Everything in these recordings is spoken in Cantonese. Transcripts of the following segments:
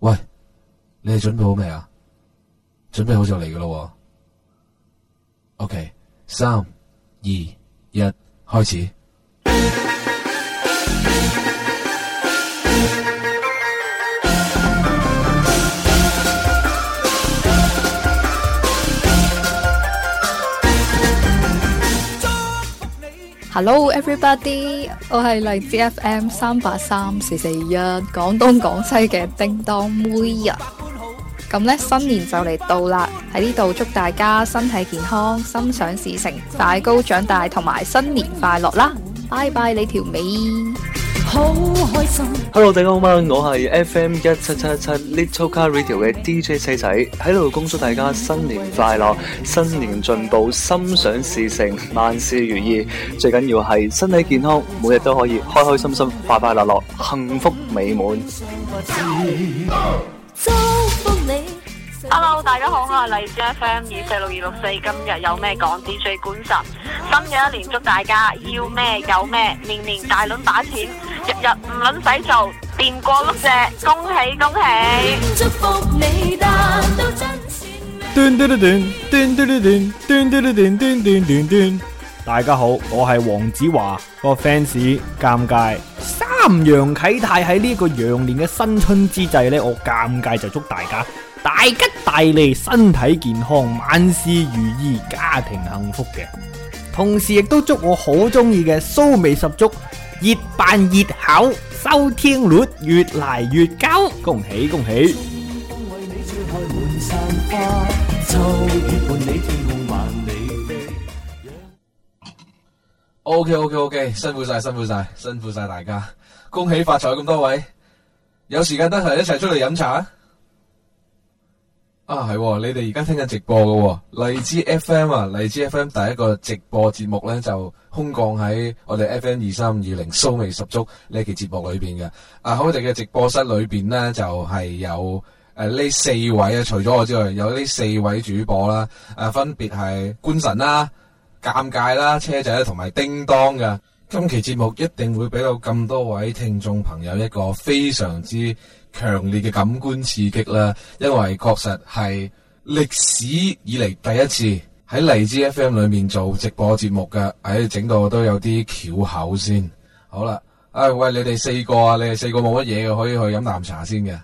喂，你哋準備好未啊？準備好就嚟噶喎。OK，三、二、一，開始。Hello everybody，我係荔枝 FM 三八三四四一廣東廣西嘅叮當妹呀。咁呢新年就嚟到啦，喺呢度祝大家身體健康、心想事成、快高長大同埋新年快樂啦！Bye bye 你條尾。Hello 大家好嘛，我係 FM 一七七七 Little Car Radio 嘅 DJ 西仔，喺度恭祝大家新年快樂，新年進步，心想事成，萬事如意，最緊要係身體健康，每日都可以開開心心，快快樂樂，幸福美滿。祝福你！Hello 大家好啊，我係嚟自 FM 二四六二六四，今日有咩講？只需管十，新嘅一年祝大家要咩有咩，年年大輪把錢。日日唔撚使做，掂過碌只，恭喜恭喜！斷斷斷斷斷斷斷斷斷斷斷斷斷，大家好，我係黃子華個 fans，尷尬。三陽啟泰，喺呢個羊年嘅新春之際呢，我尷尬就祝大家大吉大利，身體健康，萬事如意，家庭幸福嘅。同時亦都祝我好中意嘅 soul 味十足。越辦越好，收聽率越嚟越高，恭喜恭喜！OK OK OK，辛苦晒，辛苦晒，辛苦晒大家，恭喜發財咁多位，有時間得閒一齊出嚟飲茶。啊係、哦，你哋而家聽緊直播噶、哦，荔枝 FM 啊，荔枝 FM 第一個直播節目呢，就空降喺我哋 FM 二三二零，soul 味十足呢期節目裏邊嘅。啊，我哋嘅直播室裏邊呢，就係、是、有誒呢、啊、四位啊，除咗我之外，有呢四位主播啦、啊，誒、啊、分別係官神啦、啊、尷尬啦、啊、車仔同、啊、埋叮當嘅。今期節目一定會俾到咁多位聽眾朋友一個非常之。強烈嘅感官刺激啦，因為確實係歷史以嚟第一次喺荔枝 FM 裏面做直播節目嘅，喺整到都有啲翹口先。好啦，哎喂，你哋四個啊，你哋四個冇乜嘢嘅，可以去飲啖茶先嘅。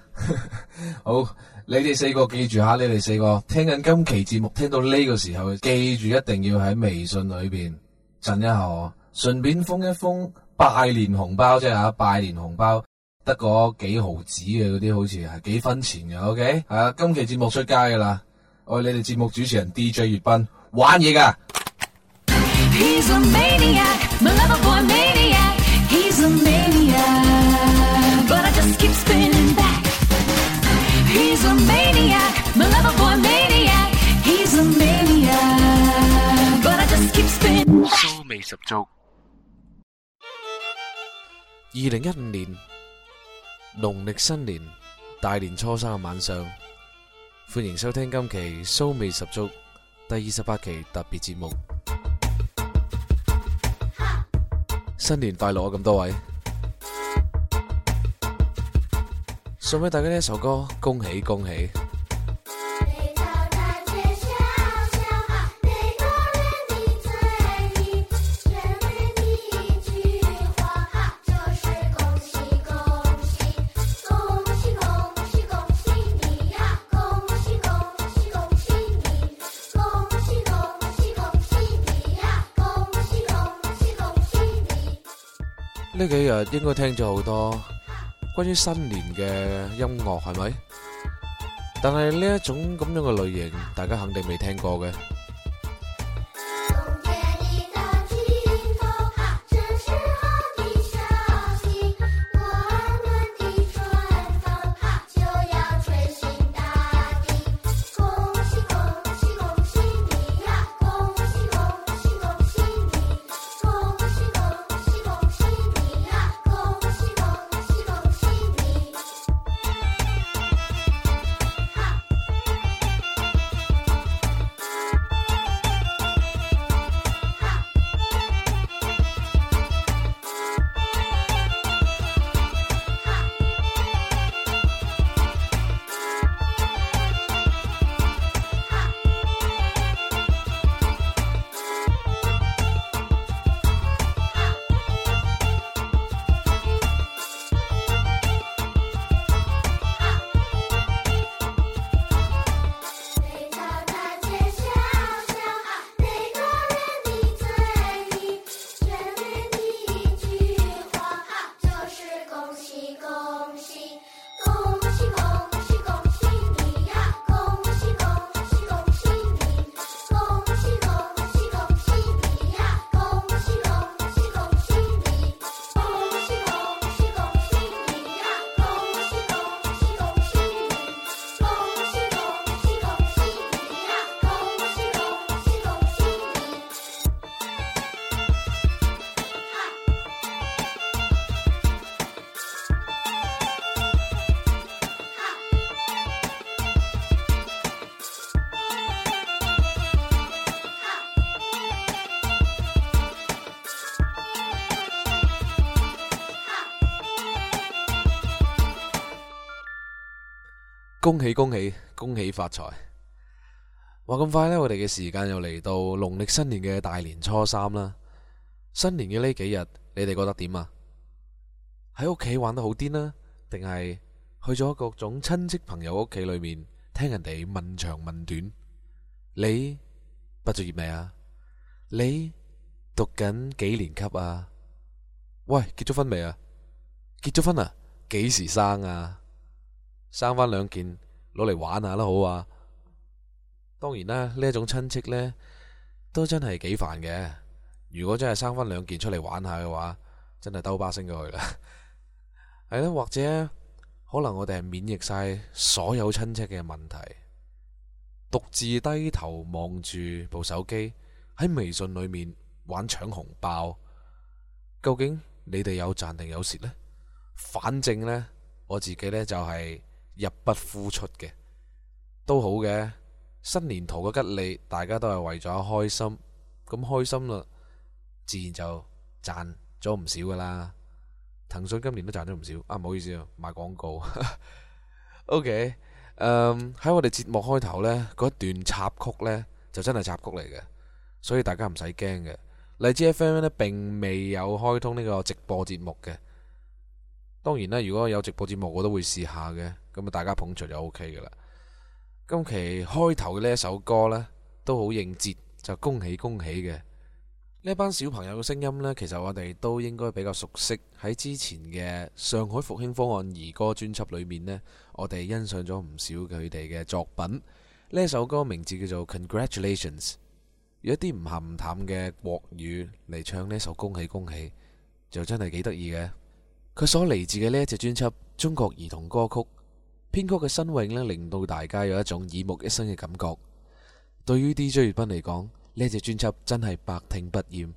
好，你哋四個記住下，你哋四個聽緊今期節目，聽到呢個時候，記住一定要喺微信裏邊震一下我，順便封一封拜年紅包啫吓，拜年紅包。得個幾毫紙嘅嗰啲，好似係幾分錢嘅，OK。係啊，今期節目出街噶啦，我係你哋節目主持人 DJ 粵斌玩嘢噶。soul 味十足。二零一五年。農曆新年大年初三嘅晚上，歡迎收聽今期 soul 味十足第二十八期特別節目。新年快樂啊！咁多位，送俾大家呢一首歌，恭喜恭喜。呢幾日應該聽咗好多關於新年嘅音樂，係咪？但係呢一種咁樣嘅類型，大家肯定未聽過嘅。恭喜恭喜恭喜發財！話咁快呢，我哋嘅時間又嚟到農曆新年嘅大年初三啦。新年嘅呢幾日，你哋覺得點啊？喺屋企玩得好癲啊，定係去咗各種親戚朋友屋企裏面聽人哋問長問短？你畢咗業未啊？你讀緊幾年級啊？喂，結咗婚未啊？結咗婚啊？幾時生啊？生翻兩件攞嚟玩下啦，好啊！當然啦，呢一種親戚呢，都真係幾煩嘅。如果真係生翻兩件出嚟玩下嘅話，真係兜巴星咗去啦。係 啦，或者可能我哋係免疫晒所有親戚嘅問題，獨自低頭望住部手機喺微信裏面玩搶紅包。究竟你哋有賺定有蝕呢？反正呢，我自己呢，就係、是。入不敷出嘅都好嘅，新年圖嘅吉利，大家都係為咗開心，咁開心啦，自然就賺咗唔少噶啦。騰訊今年都賺咗唔少，啊唔好意思啊，賣廣告。 OK，嗯，喺我哋節目開頭呢嗰段插曲呢，就真係插曲嚟嘅，所以大家唔使驚嘅。荔枝 FM 呢，並未有開通呢個直播節目嘅。當然啦，如果有直播節目，我都會試下嘅。咁啊，大家捧場就 OK 嘅啦。今期開頭嘅呢一首歌呢，都好應節，就恭喜恭喜嘅。呢班小朋友嘅聲音呢，其實我哋都應該比較熟悉。喺之前嘅《上海復興方案》兒歌專輯裏面呢，我哋欣賞咗唔少佢哋嘅作品。呢首歌名字叫做《Congratulations》，有一啲唔咸唔淡嘅國語嚟唱呢首恭喜恭喜，就真係幾得意嘅。佢所嚟自嘅呢一隻專輯《中國兒童歌曲》，編曲嘅新穎呢，令到大家有一種耳目一新嘅感覺。對於 DJ 斌嚟講，呢一隻專輯真係百聽不厭。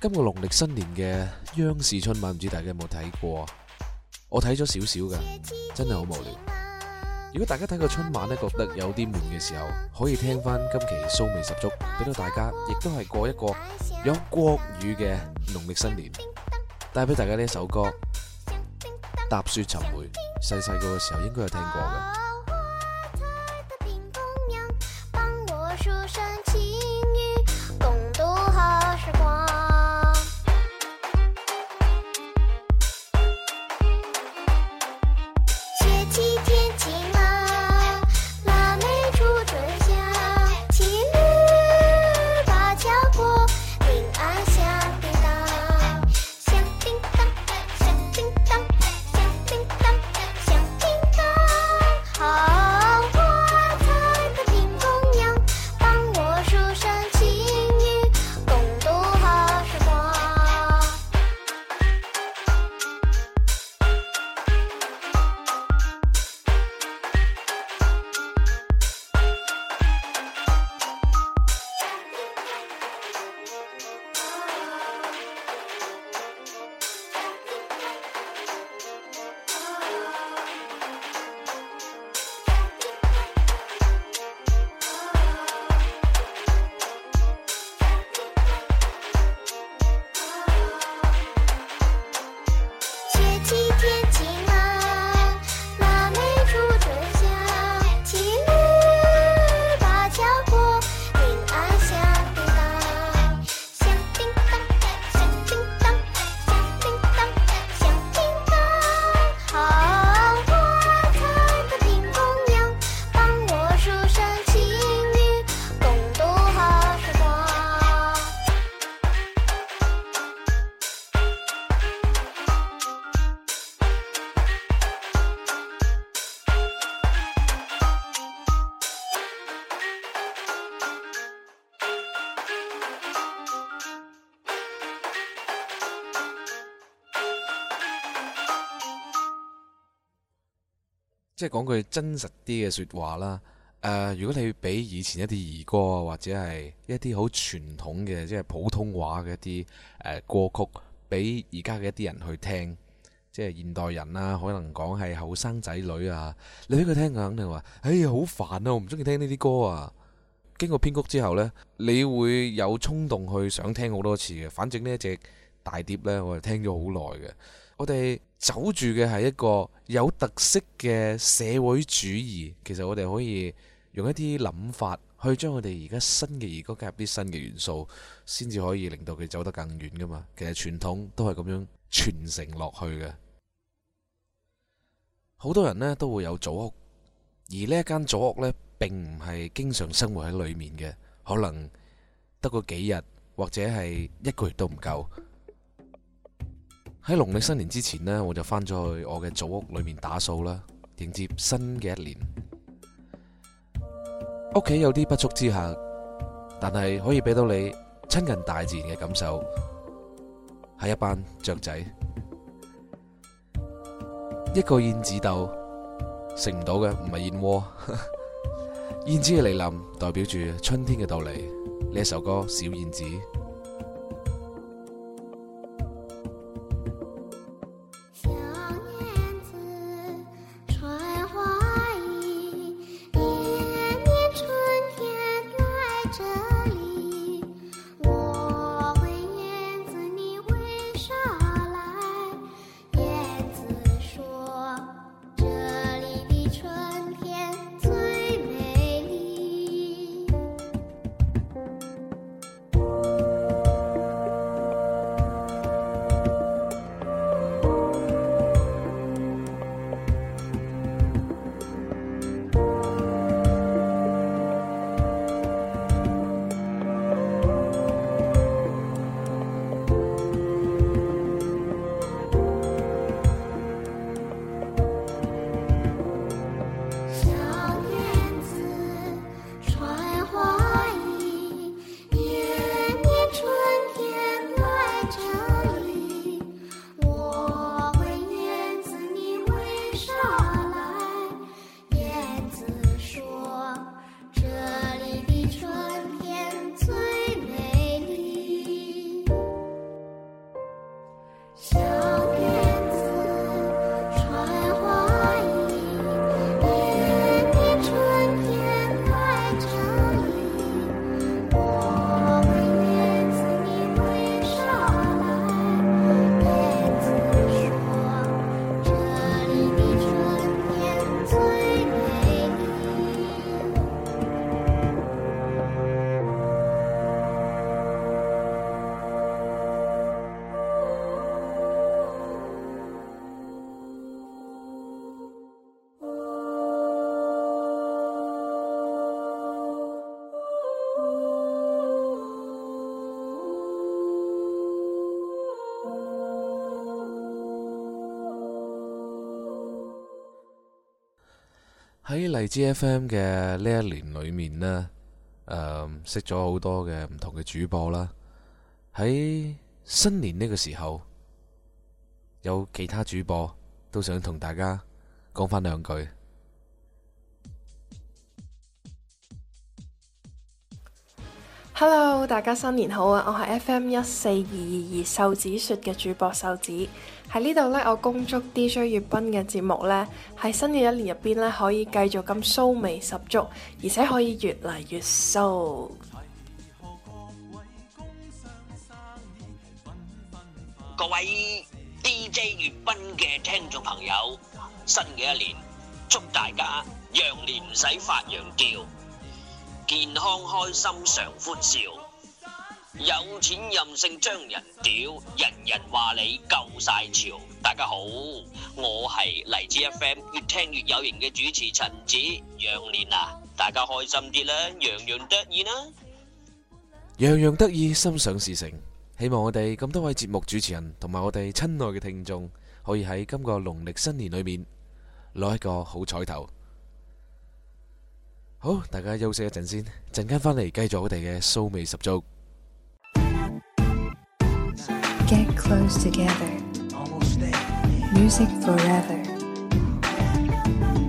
今個農曆新年嘅央視春晚，唔知大家有冇睇過？我睇咗少少嘅，真係好無聊。如果大家睇過春晚咧，覺得有啲悶嘅時候，可以聽返今期 soul 味十足，俾到大家，亦都係過一個有國語嘅農曆新年。帶俾大家呢一首歌《踏雪尋梅》，細細個嘅時候應該有聽過嘅。即係講句真實啲嘅說話啦，誒、呃，如果你俾以前一啲兒歌啊，或者係一啲好傳統嘅，即係普通話嘅一啲誒歌曲，俾而家嘅一啲人去聽，即係現代人啦、啊，可能講係後生仔女啊，你俾佢聽，佢肯定話，哎好煩啊，我唔中意聽呢啲歌啊。經過編曲之後呢，你會有衝動去想聽好多次嘅。反正呢一隻大碟呢，我係聽咗好耐嘅。我哋走住嘅係一個有特色嘅社會主義。其實我哋可以用一啲諗法去將我哋而家新嘅兒歌加入啲新嘅元素，先至可以令到佢走得更遠噶嘛。其實傳統都係咁樣傳承落去嘅。好多人呢都會有祖屋，而呢一間祖屋呢，並唔係經常生活喺裏面嘅，可能得個幾日或者係一個月都唔夠。喺農曆新年之前呢，我就翻咗去我嘅祖屋裏面打掃啦，迎接新嘅一年。屋企有啲不足之下，但係可以俾到你親近大自然嘅感受，係一班雀仔。一個燕子豆食唔到嘅，唔係燕窩。 燕子嘅嚟臨代表住春天嘅到嚟。呢一首歌《小燕子》。喺 GFM 嘅呢一年裏面咧，誒、嗯，識咗好多嘅唔同嘅主播啦。喺新年呢個時候，有其他主播都想同大家講返兩句。Hello，大家新年好啊！我係 FM 一四二二二瘦子說嘅主播瘦子喺呢度咧，我恭祝 DJ 粵賓嘅節目咧喺新嘅一年入邊咧可以繼續咁 soul 味十足，而且可以越嚟越 soul。各位 DJ 粵賓嘅聽眾朋友，新嘅一年，祝大家羊年唔使發羊吊。健康開心常歡笑，有錢任性將人屌，人人話你夠晒潮。大家好，我係荔枝 FM 越聽越有型嘅主持陳子羊年啊！大家開心啲啦，洋洋得意啦，洋洋得意心想事成。希望我哋咁多位節目主持人同埋我哋親愛嘅聽眾，可以喺今個農曆新年裏面攞一個好彩頭。好，大家休息一陣先，陣間翻嚟繼續我哋嘅 soul 味十足。Get close together. Music forever.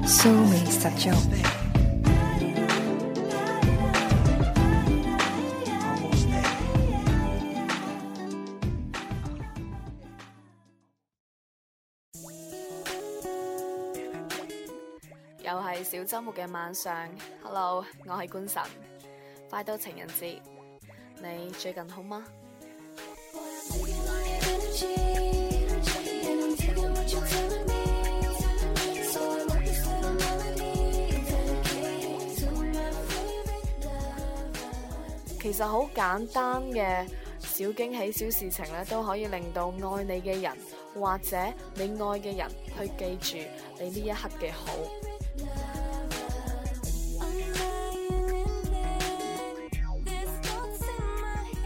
Soul 味十足。周末嘅晚上，Hello，我係官神，快到情人節，你最近好嗎？ 其實好簡單嘅小驚喜、小事情咧，都可以令到愛你嘅人或者你愛嘅人去記住你呢一刻嘅好。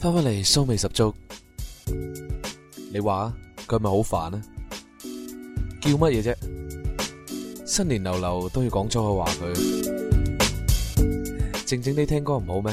翻返嚟 soul 味十足，你話佢係咪好煩啊？叫乜嘢啫？新年流流都要講粗口話佢，靜靜地聽歌唔好咩？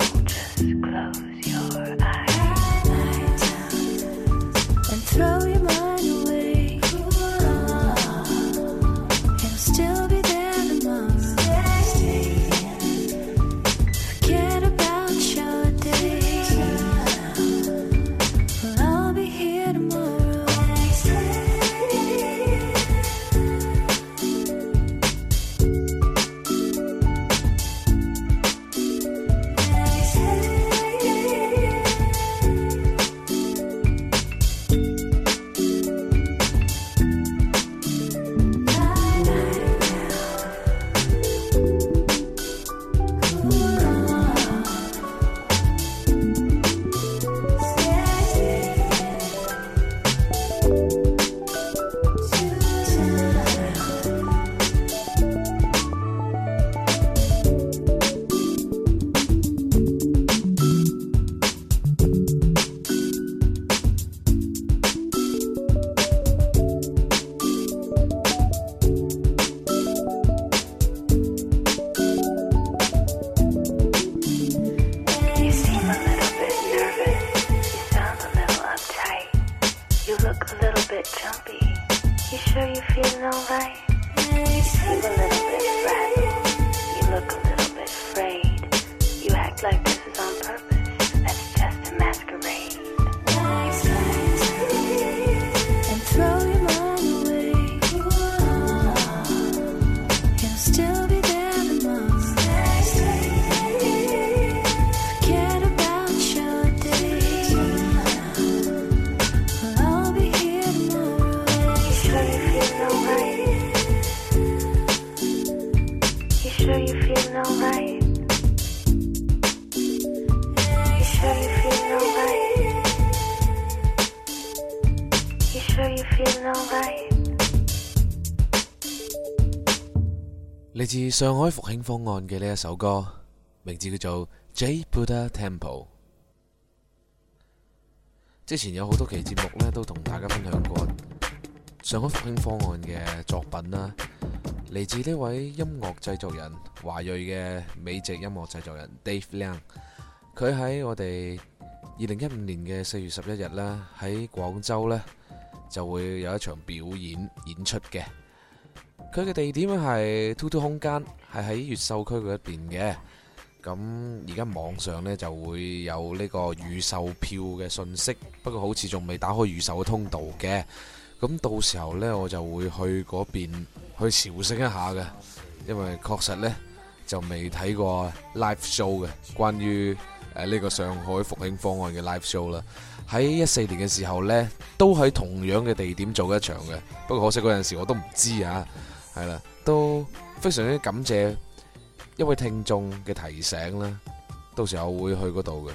上海復興方案嘅呢一首歌，名字叫做《Jay Buddha Temple》。之前有好多期節目咧，都同大家分享過上海復興方案嘅作品啦。嚟自呢位音樂製作人華裔嘅美籍音樂製作人 Dave Liang，佢喺我哋二零一五年嘅四月十一日呢，喺廣州呢就會有一場表演演出嘅。佢嘅地點係 Two Two 空間，係喺越秀區嗰一邊嘅。咁而家網上呢就會有呢個預售票嘅信息，不過好似仲未打開預售嘅通道嘅。咁到時候呢，我就會去嗰邊去朝聖一下嘅，因為確實呢就未睇過 live show 嘅關於誒呢個上海復興方案嘅 live show 啦。喺一四年嘅時候呢，都喺同樣嘅地點做一場嘅，不過可惜嗰陣時我都唔知啊。係啦，都非常之感謝一位聽眾嘅提醒啦。到時候我會去嗰度嘅，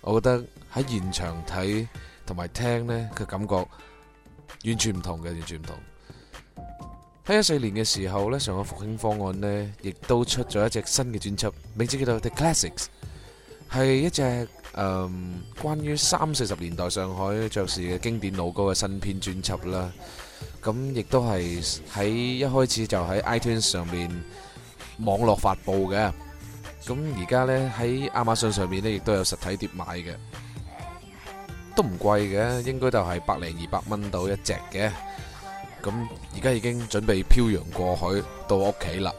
我覺得喺現場睇同埋聽呢，佢感覺完全唔同嘅，完全唔同。喺一四年嘅時候呢，上個復興方案呢，亦都出咗一隻新嘅專輯，名字叫做《The Classics》，係一隻。嗯，關於三四十年代上海爵士嘅經典老歌嘅新編專輯啦，咁亦都係喺一開始就喺 iTunes 上面網絡發佈嘅，咁而家呢喺亞馬遜上面呢亦都有實體碟買嘅，都唔貴嘅，應該就係百零二百蚊到一隻嘅，咁而家已經準備漂洋過海到屋企啦，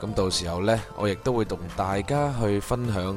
咁到時候呢我亦都會同大家去分享。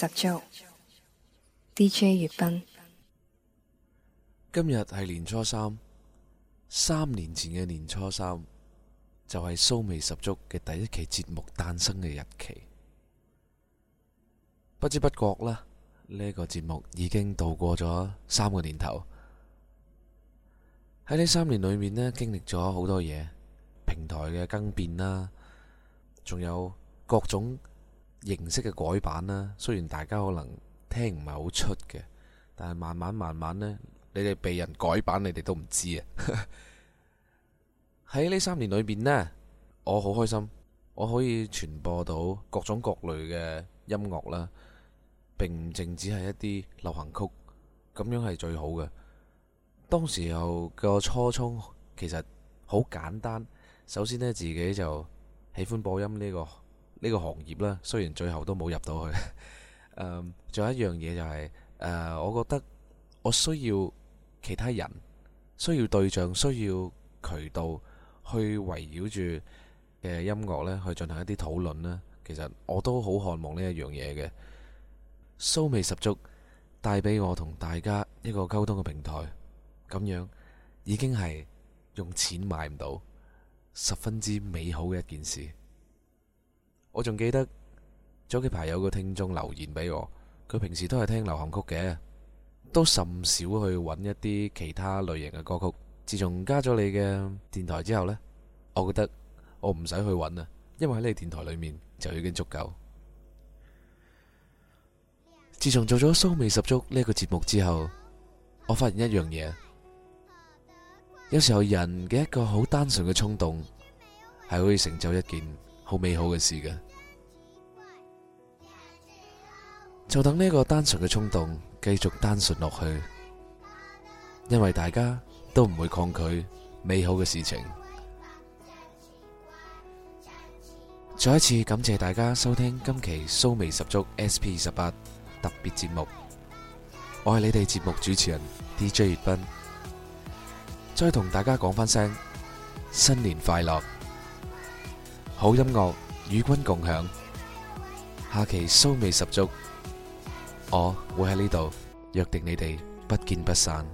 十足，DJ 月斌。今日係年初三，三年前嘅年初三就係 soul 味十足嘅第一期節目誕生嘅日期。不知不覺啦，呢、呢個節目已經度過咗三個年頭。喺呢三年裏面咧，經歷咗好多嘢，平台嘅更變啦，仲有各種。形式嘅改版啦，雖然大家可能聽唔係好出嘅，但係慢慢慢慢咧，你哋被人改版，你哋都唔知啊！喺 呢三年裏邊咧，我好開心，我可以傳播到各種各類嘅音樂啦，並唔淨只係一啲流行曲，咁樣係最好嘅。當時候個初衷其實好簡單，首先咧自己就喜歡播音呢個。呢個行業啦，雖然最後都冇入到去。誒、嗯，仲有一樣嘢就係、是、誒、呃，我覺得我需要其他人、需要對象、需要渠道去圍繞住嘅音樂咧，去進行一啲討論啦。其實我都好渴望呢一樣嘢嘅，soul 味十足，帶俾我同大家一個溝通嘅平台。咁樣已經係用錢買唔到，十分之美好嘅一件事。我仲記得早幾排有個聽眾留言俾我，佢平時都係聽流行曲嘅，都甚少去揾一啲其他類型嘅歌曲。自從加咗你嘅電台之後呢，我覺得我唔使去揾啦，因為喺你電台裏面就已經足夠。自從做咗 soul 味十足呢一個節目之後，我發現一樣嘢，有時候人嘅一個好單純嘅衝動係可以成就一件。好美好嘅事嘅，就等呢一個單純嘅衝動繼續單純落去，因為大家都唔會抗拒美好嘅事情。再一次感謝大家收聽今期 soul 味十足 SP 二十八特別節目，我係你哋節目主持人 D J 月斌，再同大家講翻聲新年快樂。好音樂與君共享，下期 soul 味十足，我會喺呢度約定你哋，不見不散。